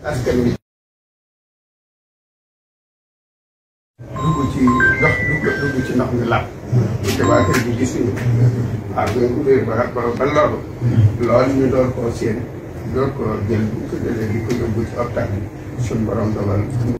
askan wi dugg ci ndox dugg ci ndox mi laal. te waa kër gi gis nañu. waaw ñoom bu ba ba loolu. loolu ñu door koo séen door koo jël bu ñu ko jëlee di ko yóbbu ci optaan bi suñu borom dogal.